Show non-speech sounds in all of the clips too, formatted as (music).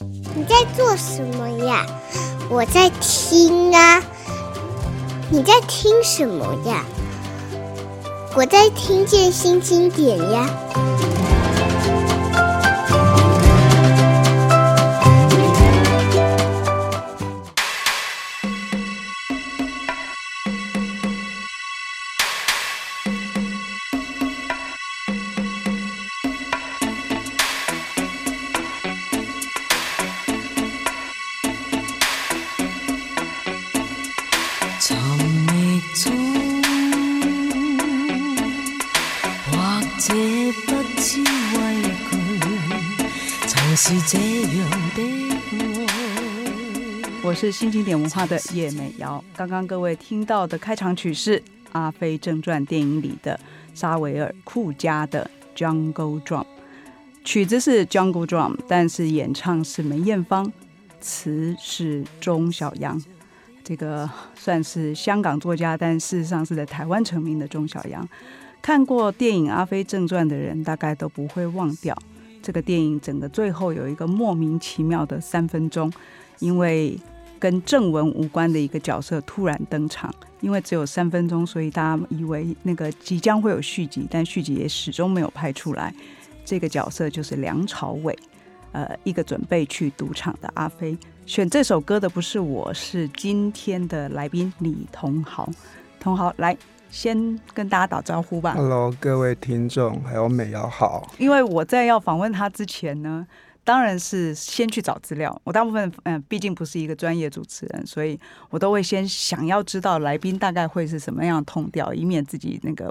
你在做什麼呀？我在聽啊。你在聽什麼呀？我在聽《見新經典》呀。我是新經典文化的葉美瑤。剛剛各位聽到的開場曲是《阿飛正傳》電影裡的沙維爾·庫加的《Jungle Drum》，曲子是《Jungle Drum》，但是演唱是梅艷芳，詞是鍾曉陽，這個算是香港作家，但事實上是在台灣成名的鍾曉陽。看過電影《阿飛正傳》的人，大概都不會忘掉這個電影。整個最後有一個莫名其妙的三分鐘，因為跟正文無關的一個角色突然登場。因為只有三分鐘，所以大家以為那個即將會有續集，但續集也始終沒有拍出來。這個角色就是梁朝偉，呃，一個準備去賭場的阿飛。選這首歌的不是我，是今天的來賓李桐豪。桐豪來。先跟大家打招呼吧。Hello，各位聽眾，還有美瑤好。因為我在要訪問他之前呢，當然是先去找資料。我大部分嗯，畢竟不是一個專業主持人，所以我都會先想要知道來賓大概會是什麼樣的 tone 調，以免自己那個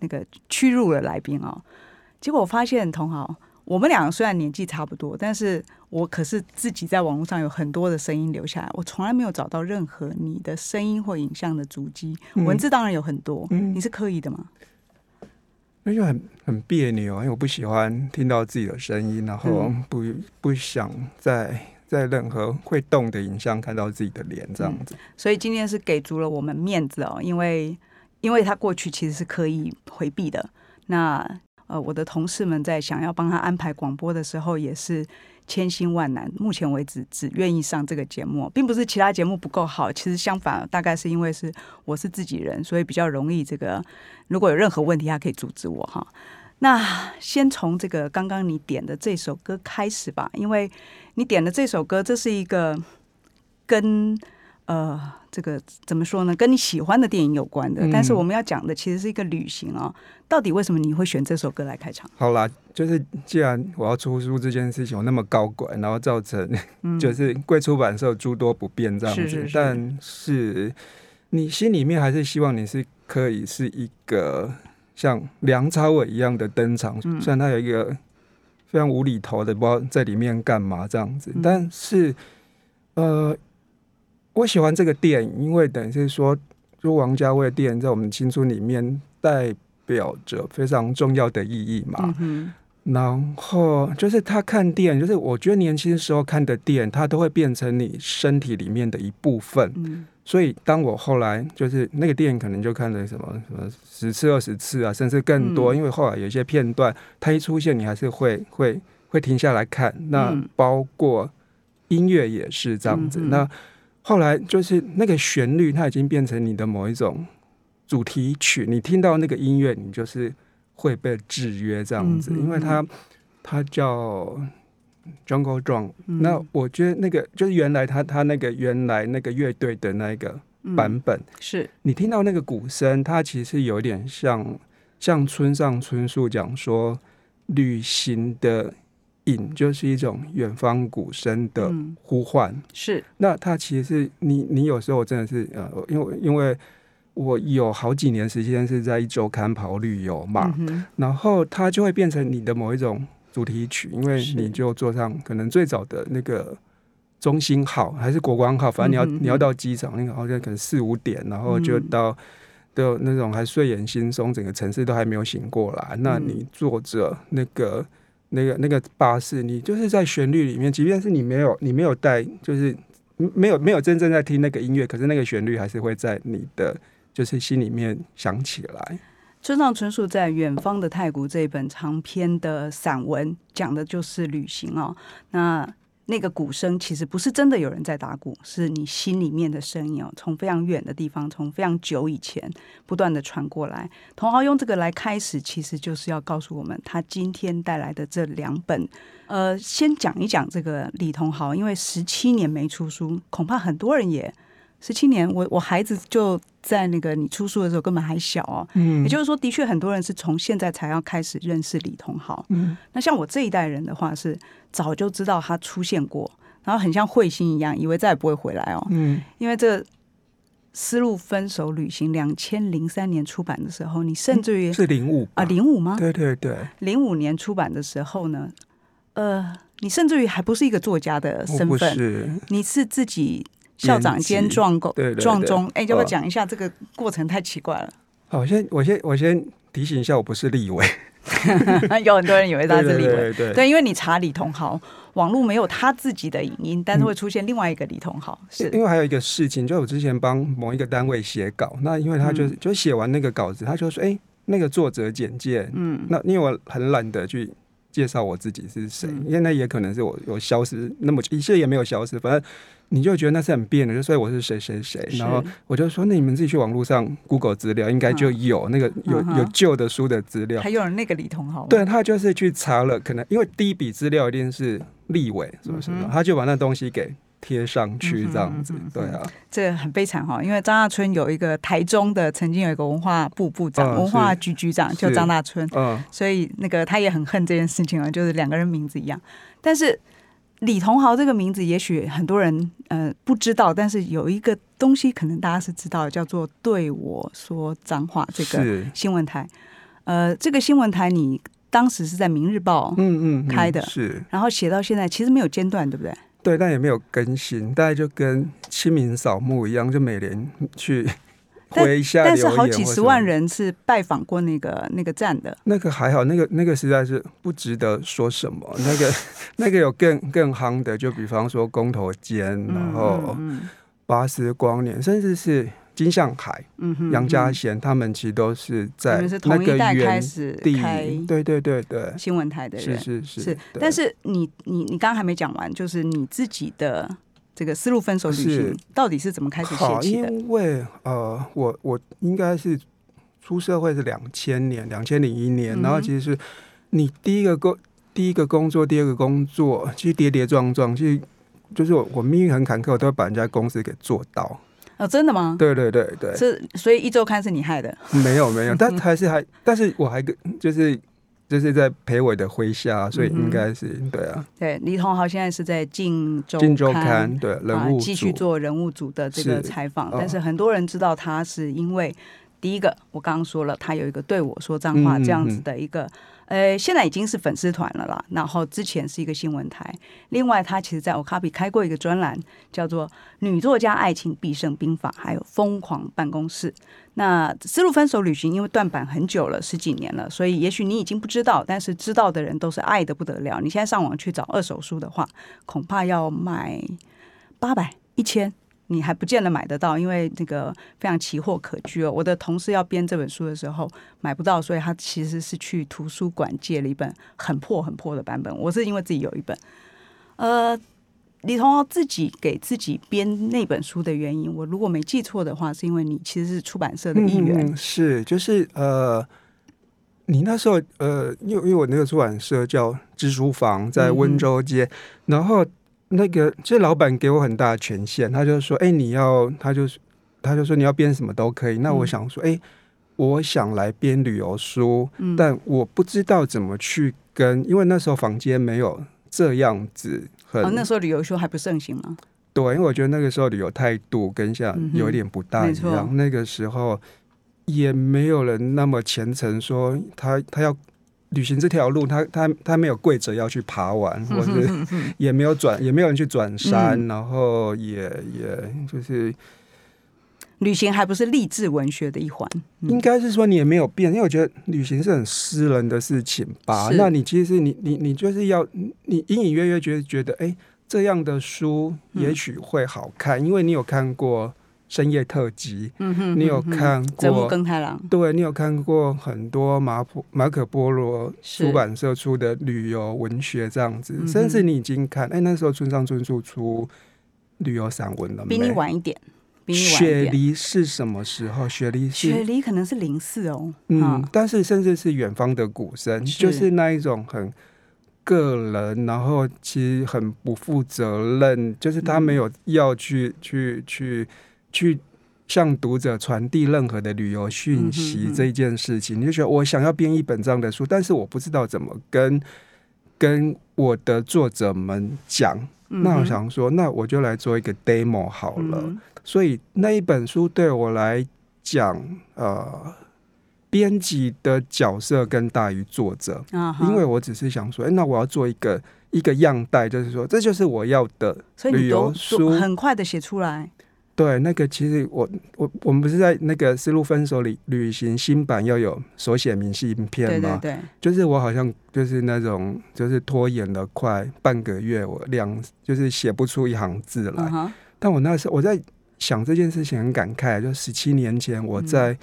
那個屈辱了來賓哦。結果我發現，桐豪。我們兩個雖然年紀差不多，但是我可是自己在網絡上有很多的聲音留下來，我從來沒有找到任何你的聲音或影像的足跡。嗯、文字當然有很多，嗯、你是刻意的嗎？那就很很彆扭，因為我不喜歡聽到自己的聲音，然後不、嗯、不想在在任何會動的影像看到自己的臉這樣子、嗯。所以今天是給足了我們面子哦，因為因為他過去其實是刻意回避的那。呃，我的同事們在想要幫他安排廣播的時候，也是千辛萬難。目前為止，只願意上這個節目，並不是其他節目不夠好。其實相反，大概是因為是我是自己人，所以比較容易。這個如果有任何問題，他可以阻止我哈。那先從這個剛剛你點的這首歌開始吧，因為你點的這首歌，這是一個跟。呃，這個怎麼說呢？跟你喜歡的電影有關的，但是我們要講的其實是一個旅行啊、哦。到底為什麼你會選這首歌來開場？嗯、好啦，就是既然我要出書這件事情我那麼高管，然後造成就是貴出版社諸多不便這樣子。是是是是，但是你心裡面還是希望你是可以是一個像梁朝偉一樣的登場，嗯、雖然他有一個非常無厘頭的不知道在裡面幹嘛這樣子，但是、嗯、呃。我喜歡這個電影，因為等於是說，就王家衛電影在我們青春裡面代表着非常重要的意義嘛。嗯、哼然後就是他看電影，就是我覺得年輕的時候看的電影，它都會變成你身體裡面的一部分。嗯、所以當我後來就是那個電影可能就看了什麼什麼十次、二十次啊，甚至更多。嗯、因為後來有些片段，它一出現，你還是會會會停下來看。那包括音樂也是這樣子。那、嗯後來就是那個旋律，它已經變成你的某一種主題曲。你聽到那個音樂，你就是會被制約這樣子，嗯嗯、因為它它叫 Drum，嗯《Jungle Drum》。那我覺得那個就是原來他他那個原來那個樂隊的那個版本，嗯、是你聽到那個鼓聲，它其實有點像像村上春樹講說旅行的。影，就是一種遠方鼓聲的呼喚、嗯。是，那它其實是你，你有時候真的是呃，因為因為我有好幾年時間是在一周刊跑旅遊嘛，嗯、哼然後它就會變成你的某一種主題曲，嗯、因為你就坐上可能最早的那個中興號還是國光號，反正你要，嗯、哼你要到機場，那個好像可能四五點，然後就到的，嗯、哼那種還睡眼惺忪，整個城市都還沒有醒過來，那你坐着那個。那個那個巴士，你就是在旋律裡面，即便是你沒有你沒有帶，就是沒有沒有真正在聽那個音樂，可是那個旋律還是會在你的就是心裡面響起來。村上春樹在《遠方的太古》這一本長篇的散文，講的就是旅行哦。那那個鼓聲其實不是真的有人在打鼓，是你心裡面的聲音哦，從非常遠的地方，從非常久以前不斷的傳過來。桐豪用這個來開始，其實就是要告訴我們，他今天帶來的這兩本，呃，先講一講這個李桐豪，因為十七年沒出書，恐怕很多人也。十七年，我我孩子就在那個你出書的時候根本還小哦，嗯，也就是說，的確很多人是從現在才要開始認識李桐豪，嗯，那像我這一代人的話是早就知道他出現過，然後很像彗星一樣，以為再也不會回來哦，嗯，因為這《絲路分手旅行》兩千零三年出版的時候，你甚至於、嗯、是零五啊零五嗎？對對對，零五年出版的時候呢，呃，你甚至於還不是一個作家的身份，不是，你是自己。校長兼撞狗，對對對，撞鐘，哎、欸，要不要講一下、哦、這個過程？太奇怪了。好、哦，我先我先我先提醒一下，我不是立委， (laughs) 有很多人以為他是立委，對，對，對，對，對，對，因為你查李桐豪，網絡沒有他自己的影音，但是會出現另外一個李桐豪。是、嗯、因為還有一個事情，就我之前幫某一個單位寫稿，那因為他就、嗯、就寫完那個稿子，他就說，哎、欸，那個作者簡介，嗯，那因為我很懶得去。介紹我自己是誰，因為那也可能是我我消失，那麼一切也沒有消失，反正你就覺得那是很變的，就所以我是誰誰誰，然後我就說，那你們自己去網絡上 Google 資料，應該就有那個有有舊的書的資料，還有那個李桐豪，對他就是去查了，可能因為第一筆資料一定是立委，什麼什麼，嗯、哼他就把那東西給。貼上去這樣子，嗯，嗯、對啊，這很悲慘哈，因為張大春有一個台中的，曾經有一個文化部部長、嗯、文化局局長，叫張大春，嗯，所以那個他也很恨這件事情啊，就是兩個人名字一樣。但是李桐豪這個名字，也許很多人呃不知道，但是有一個東西可能大家是知道的，叫做“對我說髒話”這個新聞台。是，呃，這個新聞台你當時是在《明日報》嗯嗯開的，嗯嗯嗯、是，然後寫到現在其實沒有間斷，對不對？對，但也沒有更新，大概就跟清明掃墓一樣，就每年去回一下留言，但，但是好幾十萬人是拜訪過那個那個站的。那個還好，那個那個實在是不值得說什麼。那個那個有更更夯的，就比方說工頭堅，然後巴斯光年，嗯嗯嗯甚至是。金向海，嗯哼，楊家賢，嗯、哼他們其實都是在同那個同一代開始，第一，對對對對新聞台的人是是是，對但是你你你剛剛還沒講完，就是你自己的這個絲路分手旅行到底是怎麼開始寫起的？因為呃，我我應該是出社會是兩千年兩千零一年年嗯、然後其實是你第一個工第一個工作，第二個工作，其實跌跌撞撞，其實就是我我命運很坎坷，我都要把人家公司給做到。哦，真的嗎？對對對對，是所以一周刊是你害的？沒有沒有，但還是還， (laughs) 但是我還跟就是就是在裴偉的麾下，所以應該是、嗯、哼對啊。對李同豪現在是在周《進周進周刊》對、啊、人物組、啊、繼續做人物組的這個採訪，是，但是很多人知道他是因為、哦、第一個我剛剛說了，他有一個對我說髒話這樣子的一個。嗯呃，現在已經是粉絲團了啦。然後之前是一個新聞台。另外，他其實，在歐卡比開過一個專欄，叫做《女作家愛情必勝兵法》，還有《瘋狂辦公室》。那《絲路分手旅行》因為斷版很久了，十幾年了，所以也許你已經不知道，但是知道的人都是愛得不得了。你現在上網去找二手書的話，恐怕要賣八百、一千。你還不見得買得到，因為那個非常奇貨可居哦。我的同事要編這本書的時候買不到，所以他其實是去圖書館借了一本很破很破的版本。我是因為自己有一本。呃，李桐豪自己給自己編那本書的原因，我如果沒記錯的話，是因為你其實是出版社的一員，嗯。是，就是呃，你那時候呃，因為因為我那個出版社叫蜘蛛房，在溫州街，嗯、然後。那個，這老闆給我很大的權限，他就說：“哎、欸，你要，他就他就說你要編什麼都可以。”那我想說：“哎、嗯欸，我想來編旅遊書，嗯、但我不知道怎麼去跟，因為那時候房間沒有這樣子很。”哦、啊，那時候旅遊書還不盛行嗎？對，因為我覺得那個時候旅遊態度，跟像有一點不大一樣。那個時候也沒有人那麼虔誠，說他他要。旅行這條路，他他他沒有跪着要去爬完，或者也沒有轉，也沒有人去轉山，嗯、然後也也就是旅行還不是勵志文學的一環，嗯、應該是說你也沒有變，因為我覺得旅行是很私人的事情吧。是那你其實你你你就是要你隱隱約約覺得覺得哎這樣的書也許會好看，嗯、因為你有看過。深夜特急，嗯、哼你有看過《澤木耕太郎》、嗯、對，你有看過很多馬普馬可波羅出版社出的旅遊文學這樣子，嗯、甚至你已經看，哎、欸，那時候村上春樹出旅遊散文了，比你晚一點，比你晚一點。雪梨是什麼時候？雪梨，雪梨可能是零四哦。嗯，哦、但是甚至是遠方的鼓聲，是就是那一種很個人，然後其實很不負責任，就是他沒有要去去、嗯、去。去去向讀者傳遞任何的旅遊訊息這件事情，嗯嗯、你就覺得我想要編一本這樣的書，但是我不知道怎麼跟跟我的作者們講。嗯、哼那我想說，那我就來做一個 demo 好了。嗯、所以那一本書對我來講，呃，編輯的角色更大於作者，啊、因為我只是想說，哎，那我要做一個一個樣帶，就是說，這就是我要的旅遊書，很快的寫出來。對，那個其實我我我們不是在那個《絲路分手裡》裡旅行，新版要有手寫明信片嗎？對對對，就是我好像就是那種就是拖延了快半個月，我兩就是寫不出一行字來。嗯、哼但我那時候我在想這件事情，很感慨，就十七年前我在、嗯。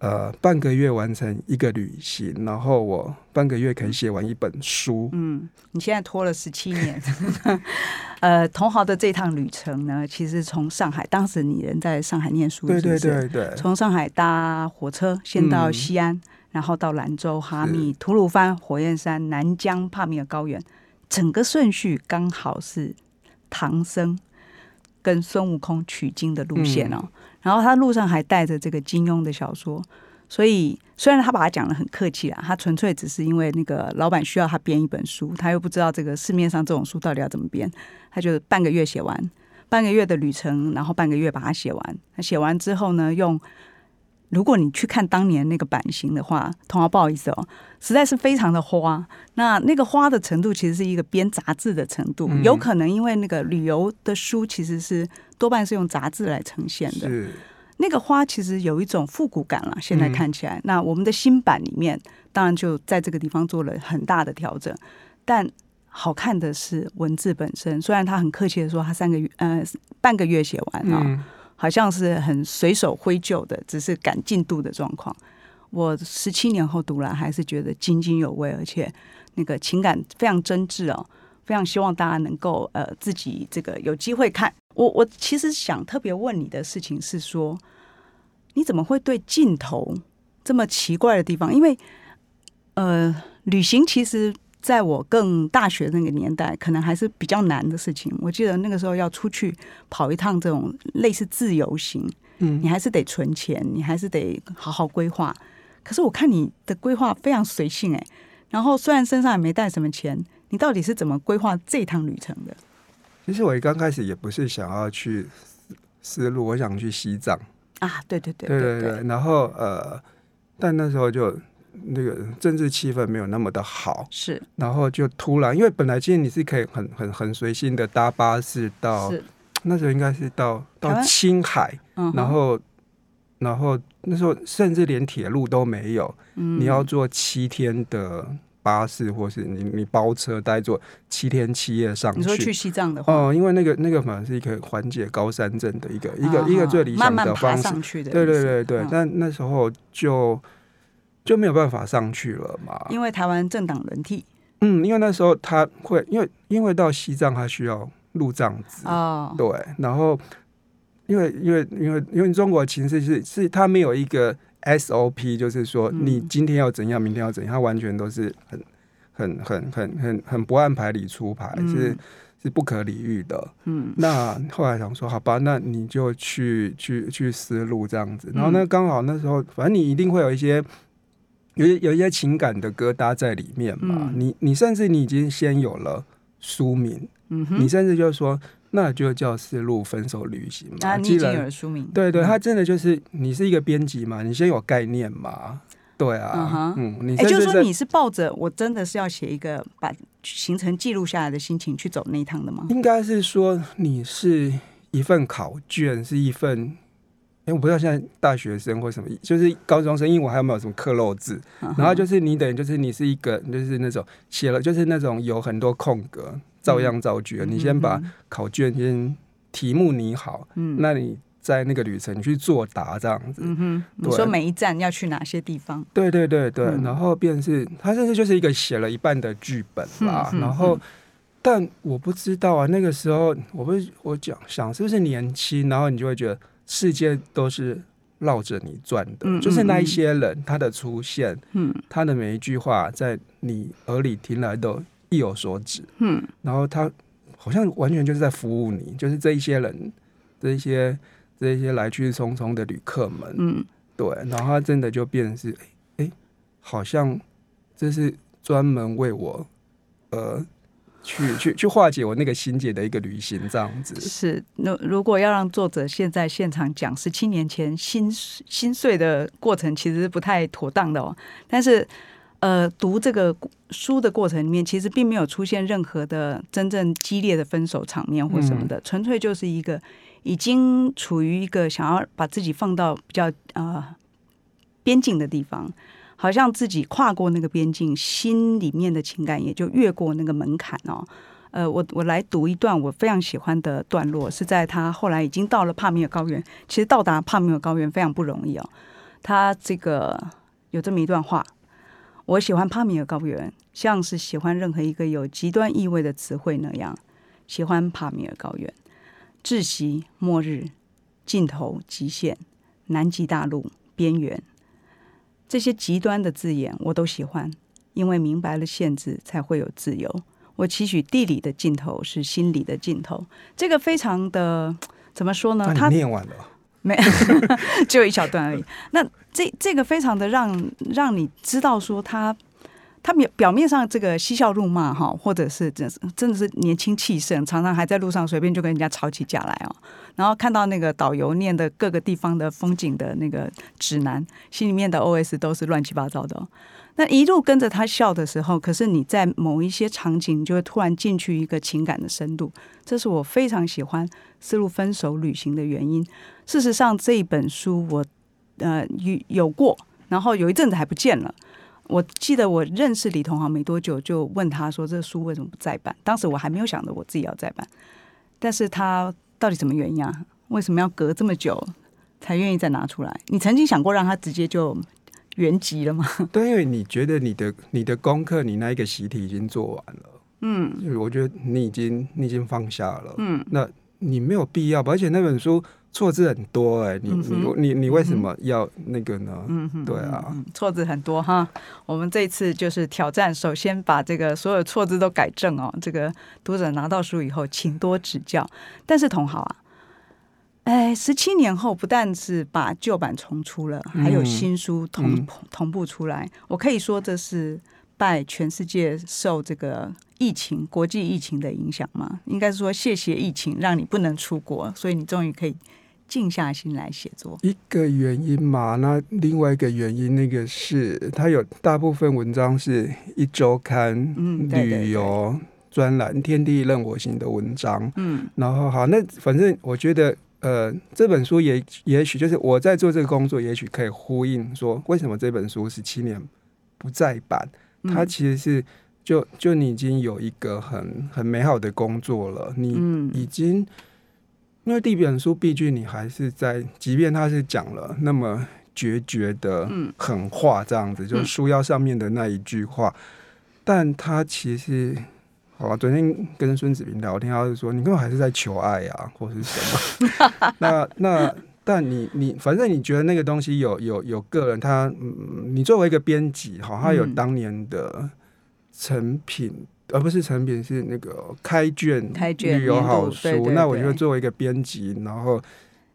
呃，半個月完成一個旅行，然後我半個月可以寫完一本書。嗯，你現在拖了十七年。 (laughs) (laughs) 呃，桐豪的這趟旅程呢，其實從上海，當時你人在上海念書是是，對對對對，從上海搭火車先到西安，嗯、然後到蘭州哈、哈密是、吐魯番、火焰山、南疆、帕米爾高原，整個順序剛好是唐僧跟孫悟空取經的路線哦。嗯然後他路上還帶着這個金庸的小說，所以雖然他把他講得很客氣啦，他純粹只是因為那個老闆需要他編一本書，他又不知道這個市面上這種書到底要怎麼編，他就半個月寫完，半個月的旅程，然後半個月把它寫完。他寫完之後呢，用。如果你去看當年那個版型的話，同行、啊、不好意思哦，實在是非常的花。那那個花的程度，其實是一個編雜誌的程度，嗯、有可能因為那個旅遊的書其實是多半是用雜誌來呈現的。是那個花其實有一種復古感了，現在看起來。嗯、那我們的新版裡面，當然就在這個地方做了很大的調整。但好看的是文字本身，雖然他很客氣的說他三個月，呃，半個月寫完啊、哦。嗯好像是很隨手揮就的只是趕進度的狀況。我十七年後讀來還是覺得津津有味，而且那個情感非常真摯哦，非常希望大家能夠呃自己這個有機會看。我我其實想特別問你的事情是說，你怎麼會對鏡頭這麼奇怪的地方？因為呃，旅行其實。在我更大學的那個年代，可能還是比較難的事情。我記得那個時候要出去跑一趟這種類似自由行，嗯，你還是得存錢，你還是得好好規劃。可是我看你的規劃非常隨性哎、欸，然後雖然身上也沒帶什麼錢，你到底是怎麼規劃這趟旅程的？其實我一剛開始也不是想要去絲路，我想去西藏啊，對對對對對對，對然後呃，但那時候就。那個政治氣氛沒有那麼的好，是，然後就突然，因為本來其實你是可以很很很隨心的搭巴士到，是那時候應該是到到青海，嗯、哼然後然後那時候甚至連鐵路都沒有，嗯、你要坐七天的巴士，或是你你包車待坐七天七夜上去，你說去西藏的話。哦、呃，因為那個那個反正是一個緩解高山症的一個一個、嗯、哼一個最理想的方式，慢慢對對對對。嗯、但那時候就。就沒有辦法上去了嘛？因為台灣政黨輪替。嗯，因為那時候他會，因為因為到西藏他需要入藏證、哦、對。然後因為因為因為因為中國其實是是，是他沒有一個 SOP，就是說你今天要怎樣，嗯、明天要怎樣，他完全都是很很很很很很不按牌理出牌，是是不可理喻的。嗯。那後來想說，好吧，那你就去去去絲路這樣子。嗯、然後那剛好那時候，反正你一定會有一些。有有一些情感的疙瘩在裡面嘛？嗯、你你甚至你已經先有了書名，嗯、哼你甚至就是說那就叫《絲路分手旅行》嘛。啊，然你已經有了書名，對，對對，嗯、他真的就是你是一個編輯嘛？你先有概念嘛？對啊，嗯，哈嗯，你、欸、就是說你是抱着我真的是要寫一個把行程記錄下來的心情去走那一趟的嗎？應該是說你是一份考卷，是一份。為我不知道現在大學生或什麼，就是高中生，英文還有沒有什麼克漏字？啊、哼然後就是你等於就是你是一個，就是那種寫了，就是那種有很多空格，照樣造句。嗯、你先把考卷、嗯、哼先題目擬好，嗯、那你在那個旅程去作答這樣子。嗯哼對你說每一站要去哪些地方？對對對對。嗯、然後便是他甚至就是一個寫了一半的劇本吧。嗯、哼然後，但我不知道啊，那個時候我不是我講我想是不是年輕，然後你就會覺得。世界都是繞着你轉的，嗯、就是那一些人，嗯、他的出現，嗯、他的每一句話在你耳裡聽來都意有所指。嗯，然後他好像完全就是在服務你，就是這一些人，這一些這一些來去匆匆的旅客們。嗯，對，然後他真的就變成是，哎，好像這是專門為我，呃。去去去化解我那個心結的一個旅行，這樣子是。那如果要讓作者現在現場講十七年前心心碎的過程，其實不太妥當的哦。但是，呃，讀這個書的過程裡面，其實並沒有出現任何的真正激烈的分手場面或什麼的，嗯、純粹就是一個已經處於一個想要把自己放到比較啊、呃、邊境的地方。好像自己跨過那個邊境，心裡面的情感也就越過那個門檻哦。呃，我我來讀一段我非常喜歡的段落，是在他後來已經到了帕米爾高原。其實到達帕米爾高原非常不容易哦。他這個有這麼一段話：我喜歡帕米爾高原，像是喜歡任何一個有極端意味的詞彙那樣，喜歡帕米爾高原，窒息、末日、盡頭、極限、南極大陸、邊緣。這些極端的字眼我都喜歡，因為明白了限制，才會有自由。我期許地理的盡頭是心理的盡頭，這個非常的怎麼說呢？他念完了，沒，只 (laughs) 有一小段而已。那這這個非常的讓讓你知道說他。他表表面上，這個嬉笑怒罵哈，或者是真真的是年輕氣盛，常常還在路上隨便就跟人家吵起架來哦。然後看到那個導遊念的各個地方的風景的那個指南，心裡面的 O S 都是亂七八糟的。那一路跟着他笑的時候，可是你在某一些場景就會突然進去一個情感的深度，這是我非常喜歡《絲路分手旅行》的原因。事實上，這一本書我呃有有過，然後有一陣子還不見了。我記得我認識李桐豪沒多久，就問他說：“這書為什麼不再版？”當時我還沒有想着我自己要再版，但是他到底什麼原因啊？為什麼要隔這麼久才願意再拿出來？你曾經想過讓他直接就原籍了嗎？對，因為你覺得你的你的功課，你那一個習題已經做完了，嗯，我覺得你已經你已經放下了，嗯，那你沒有必要吧？而且那本書。錯字很多哎、欸，你你你你為什麼要那個呢？嗯，對啊，錯字、嗯、很多哈。我們這次就是挑戰，首先把這個所有錯字都改正哦。這個讀者拿到書以後，請多指教。但是同好啊，哎、欸，十七年後不但是把舊版重出了，還有新書同同步出來。嗯嗯、我可以說，這是拜全世界受這個疫情、國際疫情的影響嘛？應該說，謝謝疫情，讓你不能出國，所以你終於可以。靜下心來寫作，一個原因嘛，那另外一個原因，那個是他有大部分文章是一周刊、嗯、對對對旅遊專欄《天地任我行》的文章。嗯，然後好，那反正我覺得，呃，這本書也也許就是我在做這個工作，也許可以呼應說，為什麼這本書十七年不再版？嗯、它其實是就就你已經有一個很很美好的工作了，你已經。嗯因為第一本書，畢竟你還是在，即便他是講了那麼決絕，絕的狠話這樣子，嗯、就是書腰上面的那一句話，嗯、但他其實，好吧、啊，昨天跟孫子平聊天，他是說，你根本還是在求愛呀、啊，或是什麼？ (laughs) (laughs) 那那，但你你，反正你覺得那個東西有有有個人他，他、嗯，你作為一個編輯，好，他有當年的成品。嗯而不是成品是那個開卷、開卷有好書。對對對，那我就作為一個編輯，然後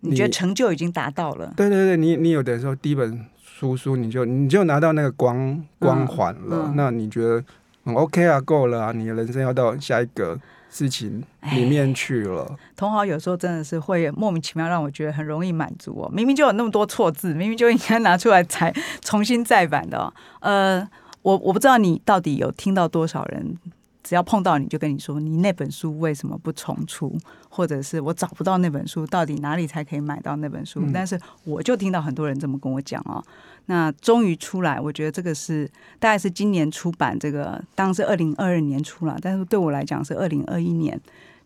你，你覺得成就已經達到了？對對對，你你有的時候第一本書書，你就你就拿到那個光光環了，嗯嗯、那你覺得、嗯、OK 啊，夠了啊，你人生要到下一個事情裡面去了。同行有時候真的是會莫名其妙讓我覺得很容易滿足哦、喔，明明就有那麼多錯字，明明就應該拿出來再重新再版的、喔。呃，我我不知道你到底有聽到多少人。只要碰到你就跟你說，你那本書為什麼不重出？或者是我找不到那本書，到底哪裡才可以買到那本書？嗯。但是我就聽到很多人這麼跟我講哦，那終於出來，我覺得這個是大概是今年出版，這個當是二零二二年出了，但是對我來講是二零二一年。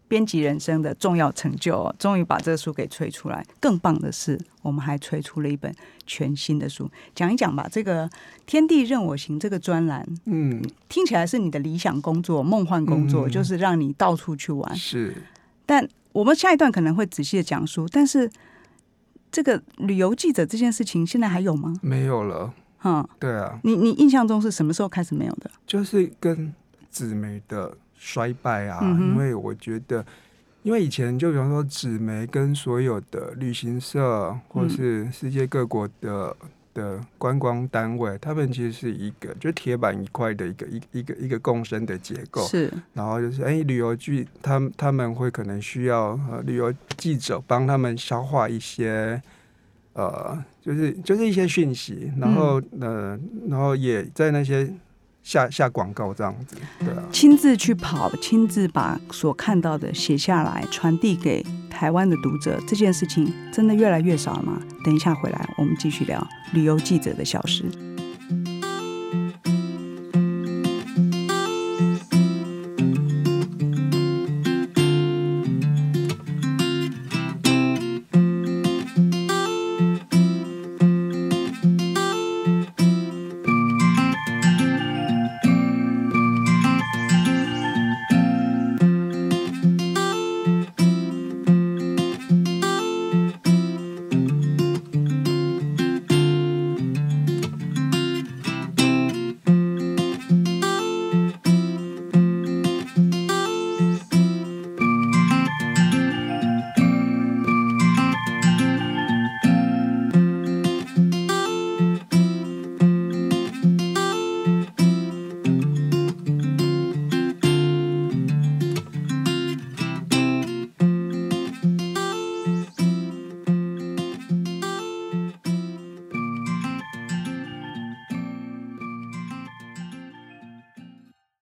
編輯人生的重要成就，終於把這個書給催出來。更棒的是，我們還催出了一本全新的書，講一講吧。這個“天地任我行”這個專欄，嗯，聽起來是你的理想工作、夢幻工作，嗯、就是讓你到處去玩。是。但我們下一段可能會仔細的講述。但是這個旅遊記者這件事情，現在還有嗎？沒有了。嗯哼。對啊。你你印象中是什麼時候開始沒有的？就是跟紫梅的。衰敗啊！嗯、哼因為我覺得，因為以前就比方說紙媒跟所有的旅行社，或是世界各國的、嗯、的觀光單位，他們其實是一個就鐵板一塊的一個一一個一個，一個共生的結構。是，然後就是哎、欸，旅遊局，他們他們會可能需要、呃、旅遊記者幫他們消化一些呃，就是就是一些訊息，然後嗯、呃，然後也在那些。下下廣告這樣子，對啊，親自去跑，親自把所看到的寫下來，傳遞給台灣的讀者，這件事情真的越來越少了嗎？等一下回來，我們繼續聊旅遊記者的消失。